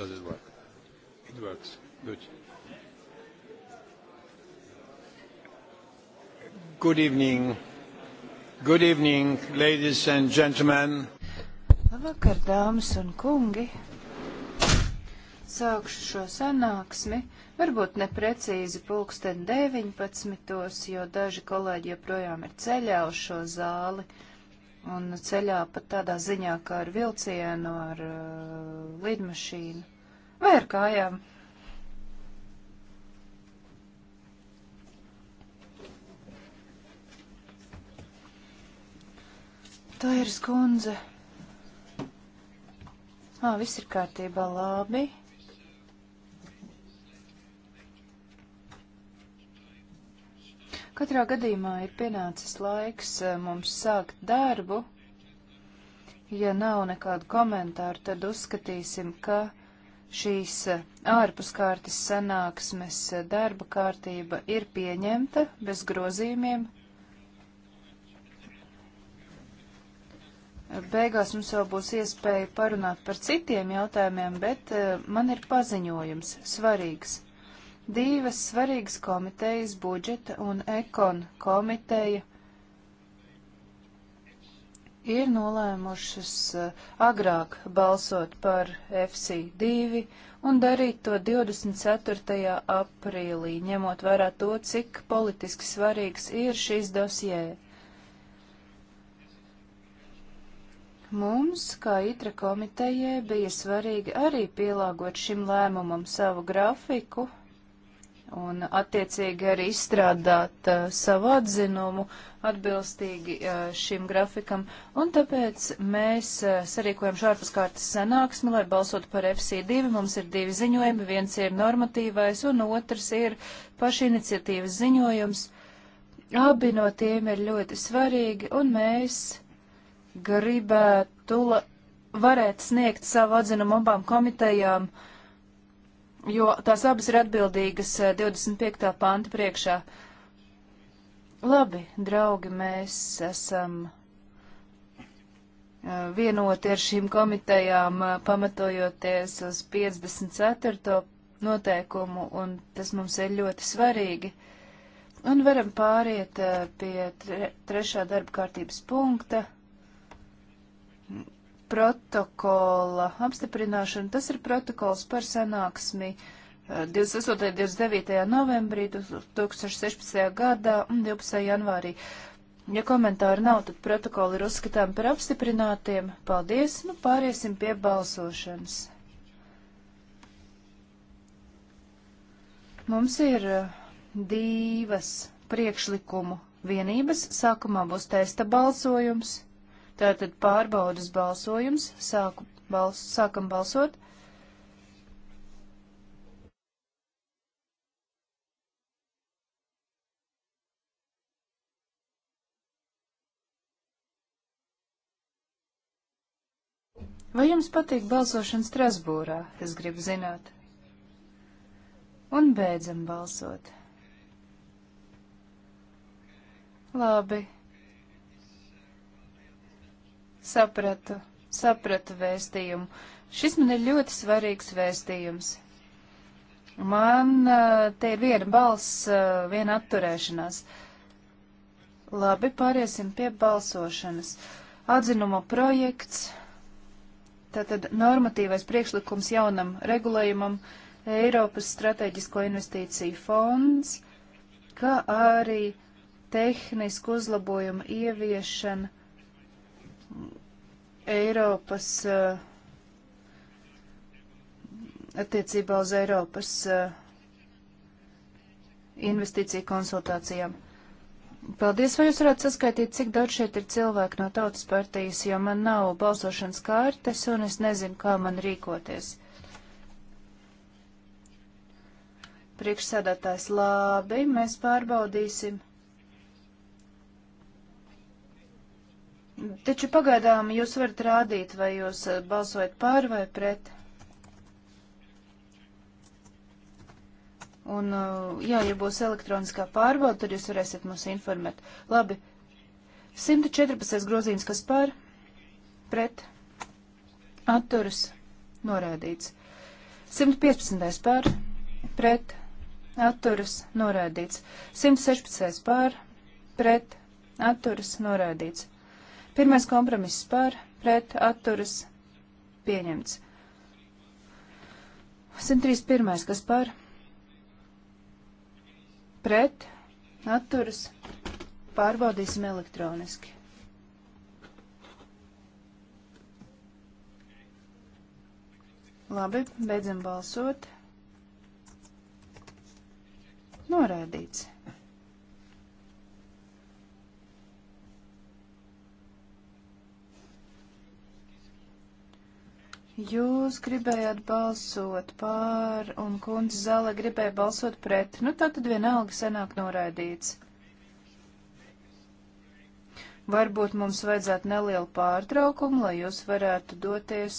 Does it work? It works. Good. Good evening. Good evening, ladies and gentlemen. Labvakar, dāmas un kungi. Sākšu šo sanāksmi, varbūt neprecīzi pulksten 19, jo daži kolēģi joprojām ir ceļā uz šo zāli un ceļā pat tādā ziņā, kā ar vilcienu, ar uh, lidmašīnu vai ar kājām. Tā ir skundze. Ā, viss ir kārtībā labi. Katrā gadījumā ir pienācis laiks mums sākt darbu. Ja nav nekādu komentāru, tad uzskatīsim, ka šīs eh, ārpuskārtas sanāksmes eh, darba kārtība ir pieņemta bez grozījumiem. Beigās mums vēl būs iespēja parunāt par citiem jautājumiem, bet eh, man ir paziņojums svarīgs. Divas svarīgas komitejas budžeta un ekon komiteja ir nolēmušas eh, agrāk balsot par FC2 un darīt to 24. aprīlī, ņemot vērā to, cik politiski svarīgs ir šīs dosjē. Mums, kā itra komitejai, bija svarīgi arī pielāgot šim lēmumam savu grafiku un attiecīgi arī izstrādāt uh, savu atzinumu atbilstīgi uh, šim grafikam. Un tāpēc mēs uh, sarīkojam šārpas kārtas sanāksmi, lai balsotu par FC2. Mums ir divi ziņojumi, viens ir normatīvais un otrs ir pašiniciatīvas ziņojums. Abi no tiem ir ļoti svarīgi un mēs gribētu varētu sniegt savu atzinumu abām komitejām. Uh, jo tās abas ir atbildīgas 25. Eh, panta priekšā. Labi, draugi, mēs esam eh, vienoti ar šīm komitejām, eh, pamatojoties uz 54. noteikumu, un tas mums ir ļoti svarīgi. Un varam pāriet pie tre, trešā darba kārtības punkta protokola apstiprināšanu. Tas ir protokols par sanāksmi 28. un 29. novembrī 2016. gadā un 12. janvārī. Ja komentāri nav, tad protokoli ir uzskatām par apstiprinātiem. Paldies, nu pāriesim pie balsošanas. Mums ir eh, divas priekšlikumu vienības. Sākumā būs testa balsojums. Tātad pārbaudas balsojums. Sāku, bals, sākam balsot. Vai jums patīk balsošana Strasbūrā? Es gribu zināt. Un beidzam balsot. Labi, sapratu, sapratu vēstījumu. Šis man ir ļoti svarīgs vēstījums. Man te ir viena balss, viena atturēšanās. Labi, pāriesim pie balsošanas. Atzinuma projekts, tātad normatīvais priekšlikums jaunam regulējumam Eiropas strateģisko investīciju fonds, kā arī tehnisku uzlabojumu ieviešana Eiropas, eh, attiecībā uz Eiropas eh, investīciju konsultācijām. Paldies, vai jūs varētu saskaitīt, cik daudz šeit ir cilvēku no tautas partijas, jo man nav balsošanas kārtas un es nezinu, kā man rīkoties. Priekšsēdētājs labi, mēs pārbaudīsim. Taču pagaidām jūs varat rādīt, vai jūs eh, balsojat pār vai pret. Un, eh, jā, ja būs elektroniskā pārbauda, tad jūs varēsiet mūs informēt. Labi. 114. grozījums, kas pār, pret, atturas, norādīts. 115. pār, pret, atturas, norādīts. 116. pār, pret, atturas, norādīts. Pirmais kompromiss par, pret, atturas, pieņemts. 131. kas par, pret, atturas, pārbaudīsim elektroniski. Labi, beidzam balsot. Noraidīts. Jūs gribējāt balsot pār, un kundze zāle gribēja balsot pret. Nu, tā tad vienalga senāk noraidīts. Varbūt mums vajadzētu nelielu pārtraukumu, lai jūs varētu doties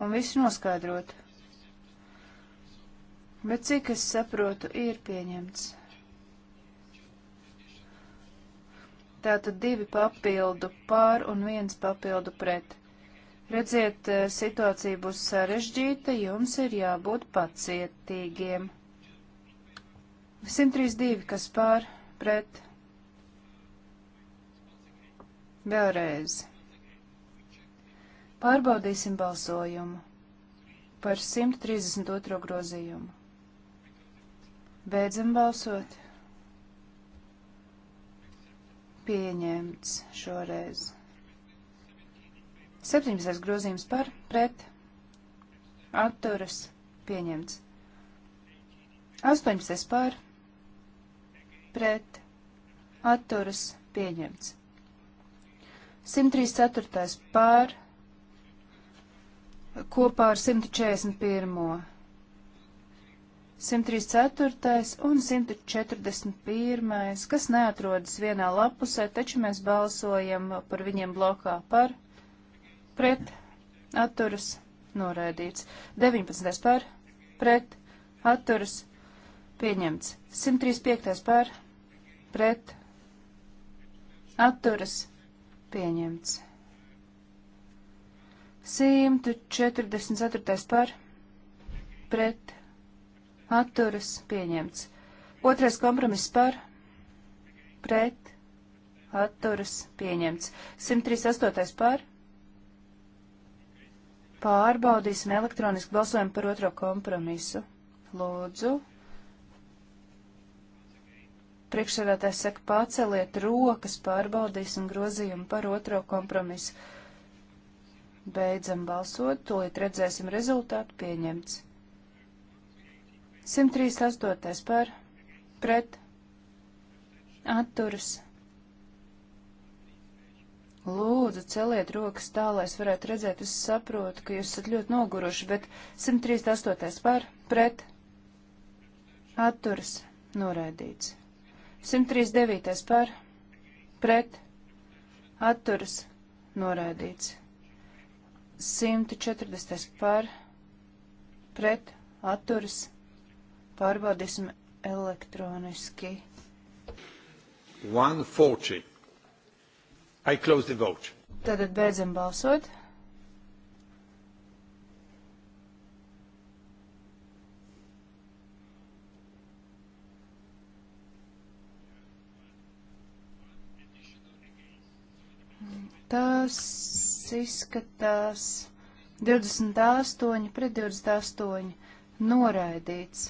un visu noskaidrot. Bet cik es saprotu, ir pieņemts. Tātad divi papildu pār un viens papildu pret. Redziet, eh, situācija būs sarežģīta, jums ir jābūt pacietīgiem. 132, kas pār pret. Vēlreiz. Pārbaudīsim balsojumu par 132 grozījumu. Beidzam balsot. Pieņemts šoreiz. 17. grozījums par pret atturas pieņemts. 18. par pret atturas pieņemts. 134. par kopā ar 141. 134. un 141. kas neatrodas vienā lapusē, taču mēs balsojam par viņiem blokā par pret, atturas, noraidīts. 19. par, pret, atturas, pieņemts. 135. par, pret, atturas, pieņemts. 144. par, pret, atturas, pieņemts. Otrais kompromiss par, pret, atturas, pieņemts. 138. par, pret, Pārbaudīsim elektroniski balsojumu par otro kompromisu. Lūdzu. Priekšsēdētājs saka, paceliet rokas, pārbaudīsim grozījumu par otro kompromisu. Beidzam balsot, tūlīt redzēsim rezultātu pieņemts. 138. par, pret, atturas, Lūdzu, celiet rokas tā, lai es varētu redzēt. Es saprotu, ka jūs esat ļoti noguruši, bet 138. par, pret, atturas, noraidīts. 139. par, pret, atturas, noraidīts. 140. par, pret, atturas, pārbaudīsim elektroniski. 140. I close the vote. Tātad beidzam balsot. Tas izskatās 28 pret 28 noraidīts.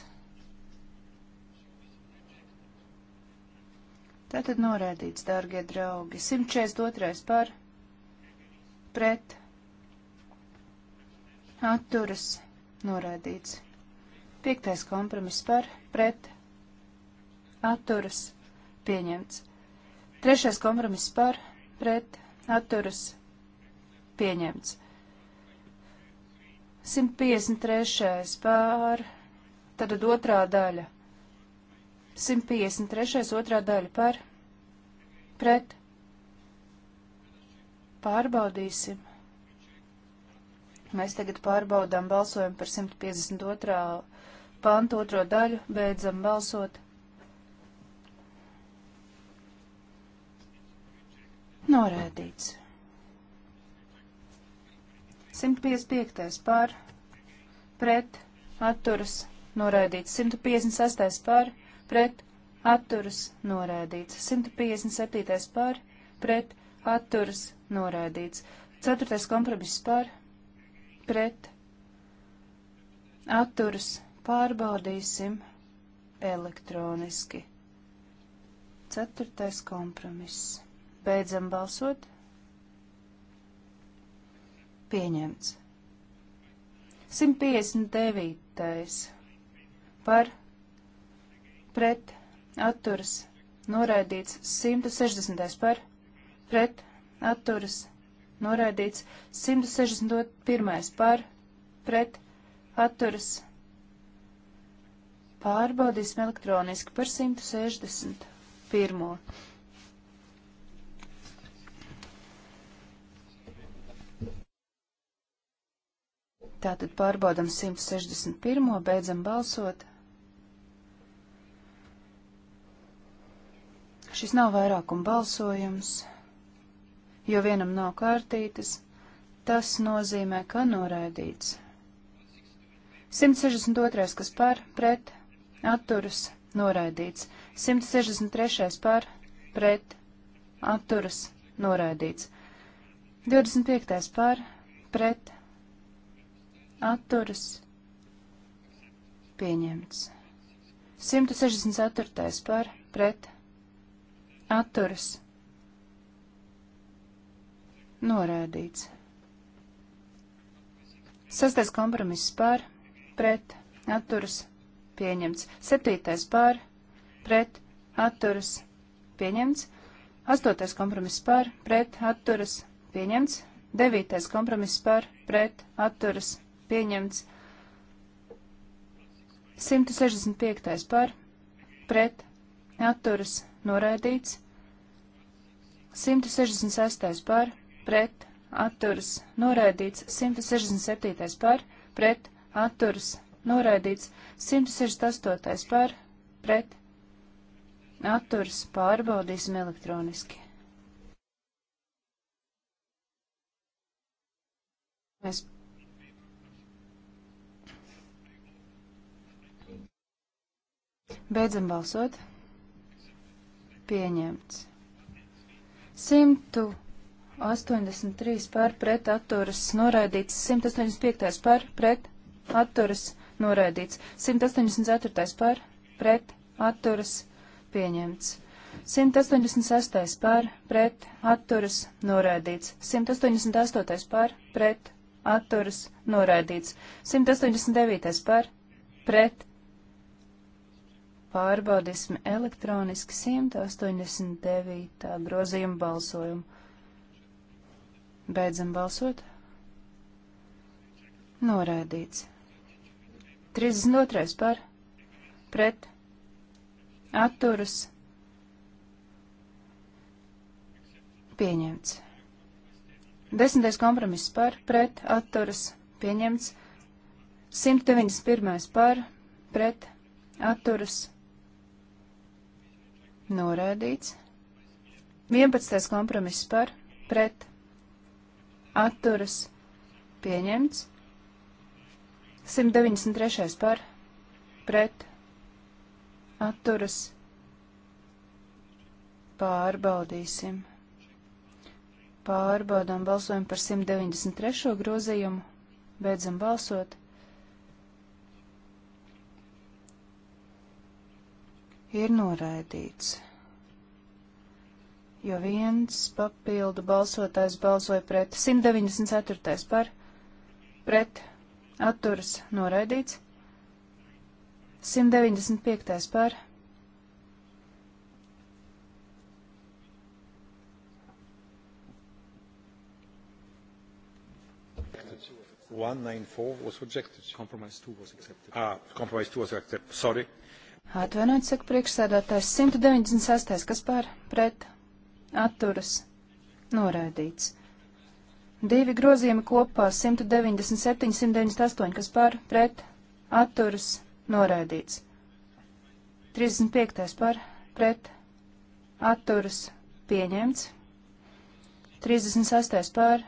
Tātad norēdīts, dārgie draugi. 142. par pret atturas norēdīts. 5. kompromiss par pret atturas pieņemts. 3. kompromiss par pret atturas pieņemts. 153. pār, tad otrā daļa 153. otrā daļa par pret. Pārbaudīsim. Mēs tagad pārbaudām balsojumu par 152. pantu otro daļu, beidzam balsot. Norēdīts. 155. pār, pret, atturas, norēdīts. 156. pār, pret pret atturas noraidīts. 157. par pret atturas noraidīts. 4. kompromiss par pret atturas pārbaudīsim elektroniski. 4. kompromiss. Beidzam balsot. Pieņemts. 159. par pret atturas noraidīts 160. par pret atturas noraidīts 161. par pret atturas pārbaudīsim elektroniski par 161. Tātad pārbaudam 161. beidzam balsot. Šis nav vairākuma balsojums, jo vienam nav kārtītes. Tas nozīmē, ka noraidīts. 162. kas par, pret, atturas, noraidīts. 163. par, pret, atturas, noraidīts. 25. par, pret, atturas, pieņemts. 164. par, pret, atturas norādīts. Sastais kompromiss par, pret, atturas pieņemts. Septītais par, pret, atturas pieņemts. Astotais kompromiss par, pret, atturas pieņemts. Devītais kompromiss par, pret, atturas pieņemts. 165. par, pret, atturas pieņemts noraidīts. 166. par, pret, atturas, noraidīts. 167. par, pret, atturas, noraidīts. 168. par, pret, atturas, pārbaudīsim elektroniski. Mēs Beidzam balsot pieņemts. 183 par pret atturas noraidīts, 185 par pret atturas noraidīts, 184 par pret atturas pieņemts. 186 par pret atturas noraidīts, 188 par pret atturas noraidīts, 189 par pret pārbaudīsim elektroniski 189. grozījuma balsojumu. Beidzam balsot. Norādīts. 32. par, pret, atturas, pieņemts. 10. kompromiss par, pret, atturas, pieņemts. 191. par, pret, atturas, pieņemts. Noraidīts. 11. kompromiss par, pret, atturas, pieņemts. 193. par, pret, atturas, pārbaudīsim. Pārbaudām balsojumu par 193. grozījumu, beidzam balsot. ir noraidīts. Jo viens papildu balsotājs balsoja pret 194. par pret atturas noraidīts. 195. par One nine four was rejected. Compromise two was accepted. Ah, compromise two was accepted. Sorry. Uh, Atvainojiet, saka priekšsēdētājs, 196. kas par pret atturas noraidīts. Divi grozījumi kopā 197, 198, kas par pret atturas noraidīts. 35. par pret atturas pieņemts. 36. par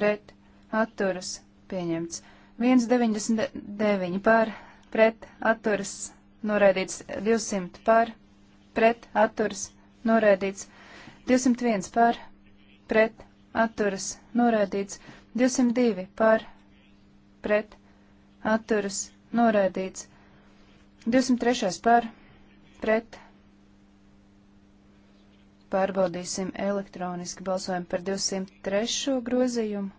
pret atturas pieņemts. 199 par pret atturas pieņemts noraidīts 200 par, pret atturas noraidīts 201 par, pret atturas noraidīts 202 par, pret atturas noraidīts 203 par, pret pārbaudīsim elektroniski balsojumu par 203 grozījumu.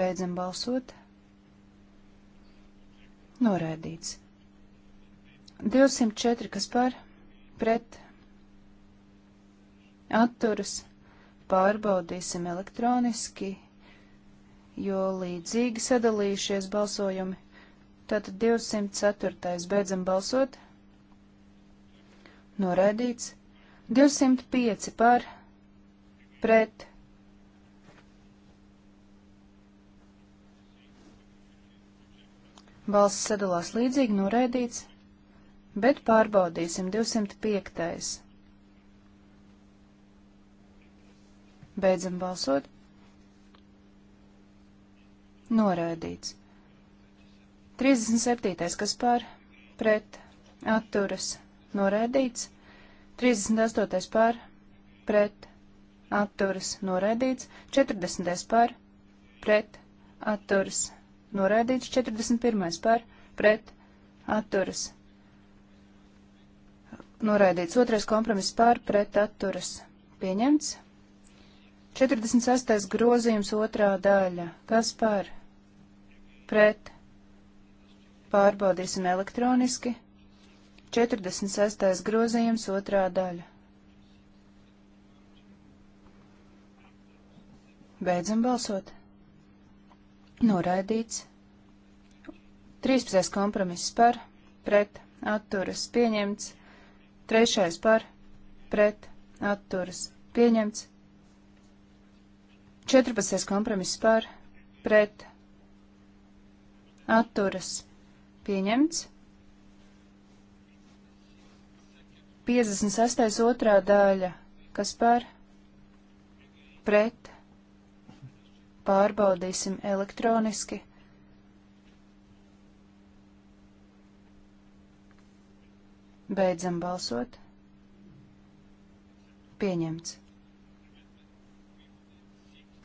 Beidzam balsot. Noraidīts. 204, kas par pret atturas pārbaudīsim elektroniski, jo līdzīgi sadalījušies balsojumi. Tātad 204. beidzam balsot. Noraidīts. 205 par pret. Balsts sadalās līdzīgi, noraidīts bet pārbaudīsim 205. Beidzam balsot. Noraidīts. 37. kas pār, pret, atturas, noraidīts. 38. pār, pret, atturas, noraidīts. 40. pār, pret, atturas, noraidīts. 41. pār, pret, atturas, noraidīts noraidīts. Otrais kompromiss par pret atturas pieņemts. 46. grozījums otrā daļa. Kas par? Pret. Pārbaudīsim elektroniski. 46. grozījums otrā daļa. Beidzam balsot. Noraidīts. 13. kompromiss par, pret, atturas pieņemts. Trešais par pret atturas pieņemts. 14. kompromiss par pret atturas pieņemts. 56. otrā daļa, kas par pret pārbaudīsim elektroniski. Beidzam balsot. Pieņemts.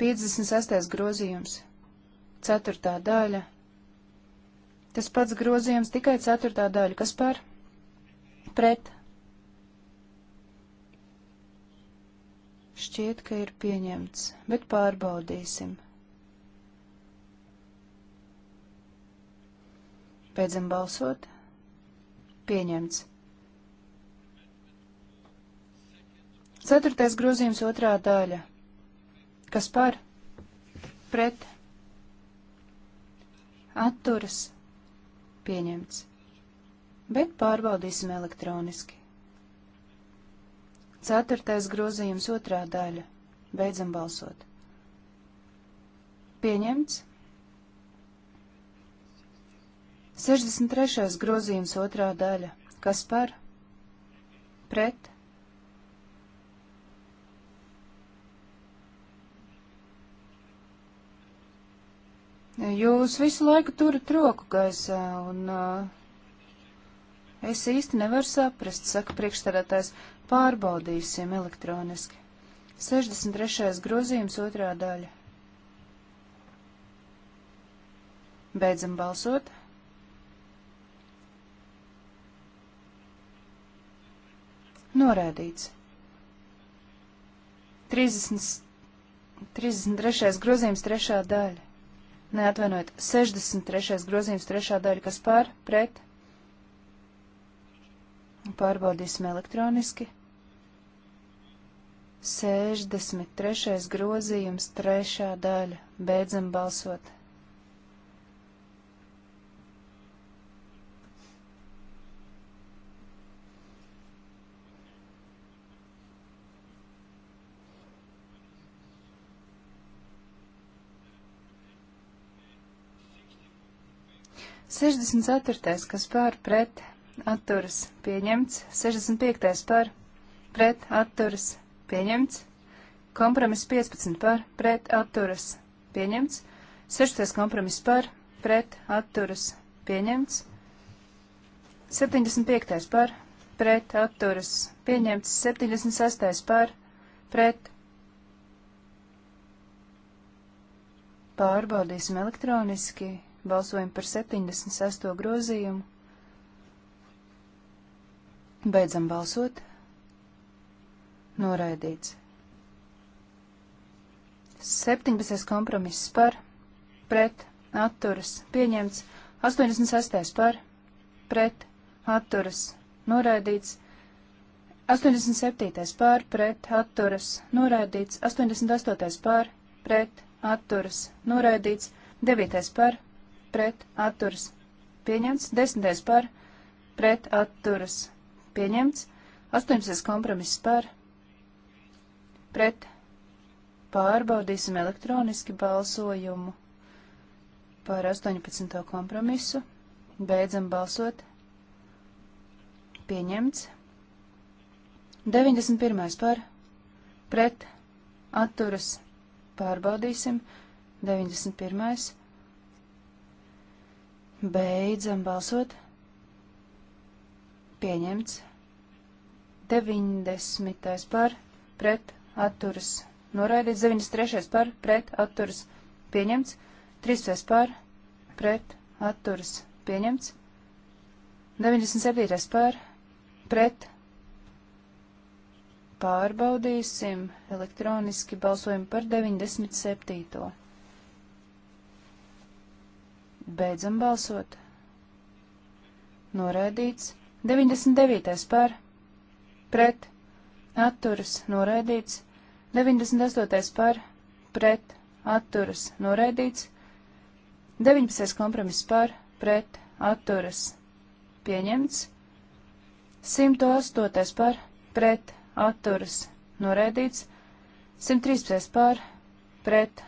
56. grozījums. 4. daļa. Tas pats grozījums tikai 4. daļa. Kas par? Pret. Šķiet, ka ir pieņemts, bet pārbaudīsim. Beidzam balsot. Pieņemts. Ceturtais grozījums otrā daļa. Kas par? Pret. Atturas. Pieņemts. Bet pārbaudīsim elektroniski. Ceturtais grozījums otrā daļa. Beidzam balsot. Pieņemts. 63. grozījums otrā daļa. Kas par? Pret jūs visu laiku turat roku gaisā, un uh, es īsti nevaru saprast, saka priekšstādātājs, pārbaudīsim elektroniski. 63. grozījums otrā daļa. Beidzam balsot. Norādīts. 30, 33. grozījums, 3. daļa neatvainojiet, 63. grozījums trešā daļa, kas par, pret. Pārbaudīsim elektroniski. 63. grozījums trešā daļa. Beidzam balsot. 64. kas pār pret atturas pieņemts, 65. par pret atturas pieņemts, kompromiss 15 par pret atturas pieņemts, 6. kompromiss par pret atturas pieņemts, 75. par pret atturas pieņemts, 76. par pret pārbaudīsim elektroniski. Balsojam par 76. grozījumu. Beidzam balsot. Noraidīts. 17. kompromiss par, pret, atturas, pieņemts. 86. par, pret, atturas, noraidīts. 87. pār pret atturas noraidīts, 88. pār pret atturas noraidīts, 9. pār pret atturas pieņemts, 10. par pret atturas pieņemts, 18. kompromiss par pret pārbaudīsim elektroniski balsojumu par 18. kompromisu, beidzam balsot, pieņemts, 91. par pret atturas pārbaudīsim, 91. Beidzam balsot. Pieņemts. 90. par pret atturas. Noraidīts 93. par pret atturas. Pieņemts. 3. par pret atturas. Pieņemts. 97. par pret. Pārbaudīsim elektroniski balsojumu par 97. Beidzam balsot. Noraidīts. 99. par. Pret. Atturas. Noraidīts. 98. par. Pret. Atturas. Noraidīts. 19. kompromiss par. Pret. Atturas. Pieņemts. 108. par. Pret. Atturas. Noraidīts. 113. par. Pret.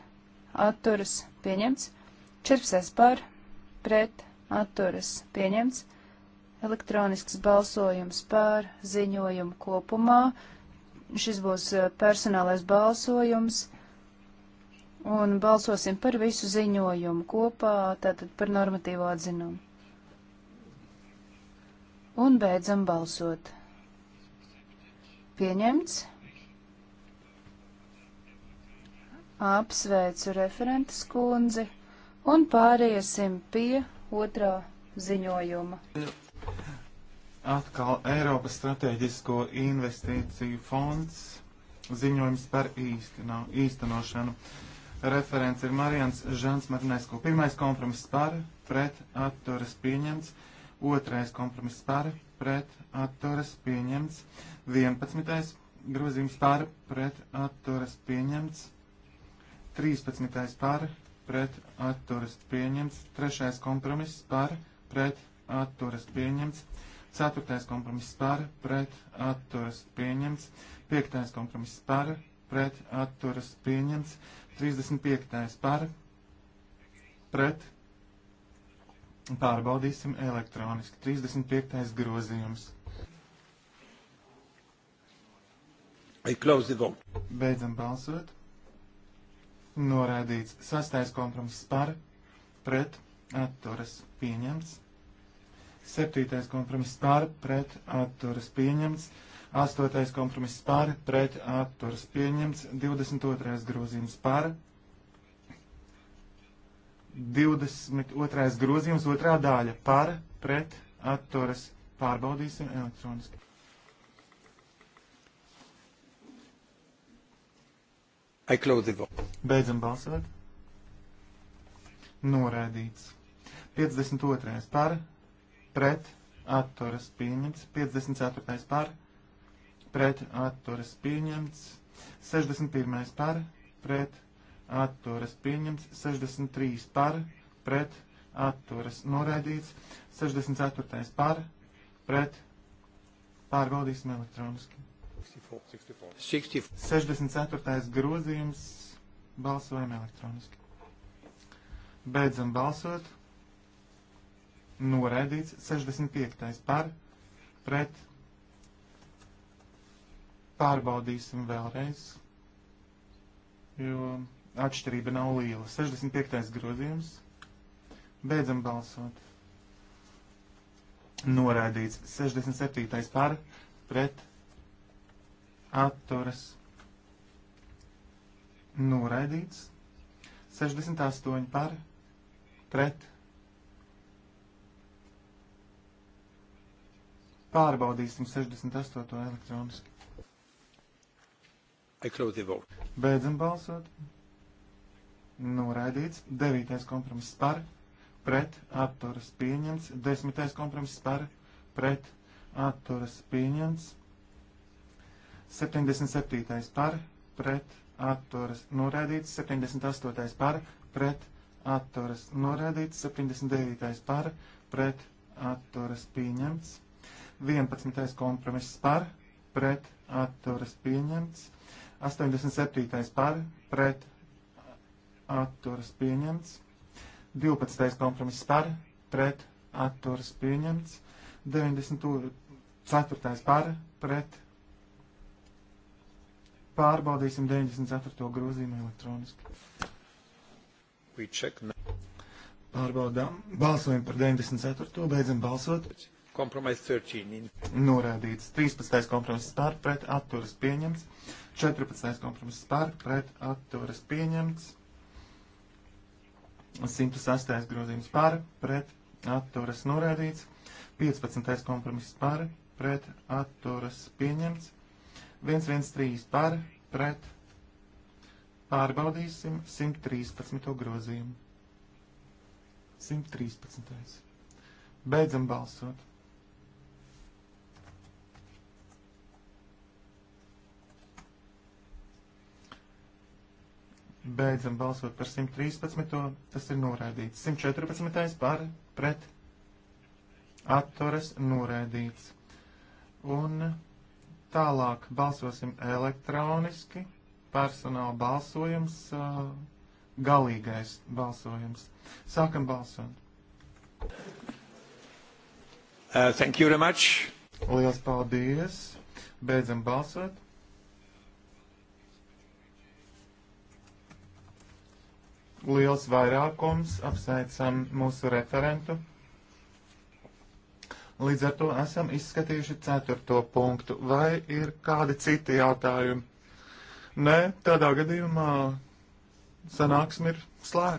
Atturas. Pieņemts. 14. par pret atturas pieņemts. Elektronisks balsojums par ziņojumu kopumā. Šis būs eh, personālais balsojums. Un balsosim par visu ziņojumu kopā, tātad par normatīvo atzinumu. Un beidzam balsot. Pieņemts. Apsveicu referentes kundzi. Un pāriesim pie otrā ziņojuma. Atkal Eiropas strateģisko investīciju fonds ziņojums par īsteno, īstenošanu. Referents ir Marians Žants Marinesko. Pirmais kompromiss par, pret, atturas pieņemts. Otrais kompromiss par, pret, atturas pieņemts. 11. grozījums par, pret, atturas pieņemts. 13. par, pret atturas pieņemts. Trešais kompromiss par pret atturas pieņemts. Ceturtais kompromiss par pret atturas pieņemts. Piektais kompromiss par pret atturas pieņemts. 35. par pret pārbaudīsim elektroniski. 35. grozījums. I close the vote. Beidzam balsot norādīts. Sastais kompromiss par, pret, atturas pieņemts. Septītais kompromiss par, pret, atturas pieņemts. Astotais kompromiss par, pret, atturas pieņemts. 22. grozījums par. 22. grozījums, otrā daļa par, pret, atturas pārbaudīsim elektroniski. I close the vote. Beidzam balsot. Noraidīts. 52. par, pret, atturas pieņemts. 54. par, pret, atturas pieņemts. 61. par, pret, atturas pieņemts. 63. par, pret, atturas noraidīts. 64. par, pret, pārbaudīsim elektroniski. 64. grozījums. Balsojam elektroniski. Beidzam balsot. Noraidīts 65. par, pret. Pārbaudīsim vēlreiz, jo atšķirība nav liela. 65. grozījums. Beidzam balsot. Noraidīts 67. par, pret atturas noraidīts, 68 par pret. Pārbaudīsim 68. elektroniski. Beidzam balsot. Noraidīts. 9. kompromiss par, pret, atturas pieņemts. 10. kompromiss par, pret, atturas pieņemts. 77. par pret atturas norādīts, 78. par pret atturas norādīts, 79. par pret atturas pieņemts, 11. kompromiss par pret atturas pieņemts, 87. par pret atturas pieņemts, 12. kompromiss par pret atturas pieņemts, 94. par pret Pārbaudīsim 94. grozījumu elektroniski. Pārbaudām. Balsojam par 94. Beidzam balsot. Kompromiss 13. Norādīts. 13. kompromiss par pret atturas pieņemts. 14. kompromiss par pret atturas pieņemts. 108. grozījums par pret atturas norādīts. 15. kompromiss par pret atturas pieņemts. 113 par, pret. Pārbaudīsim 113. grozījumu. 113. Beidzam balsot. Beidzam balsot par 113. Tas ir noraidīts. 114. par, pret. Atturas noraidīts. Un Tālāk balsosim elektroniski. Personāla balsojums, galīgais balsojums. Sākam balsot. Uh, thank you very much. Lielas paldies. Beidzam balsot. Liels vairākums apsveicam mūsu referentu. Līdz ar to esam izskatījuši ceturto punktu. Vai ir kādi citi jautājumi? Nē, tādā gadījumā sanāksme ir slēgta.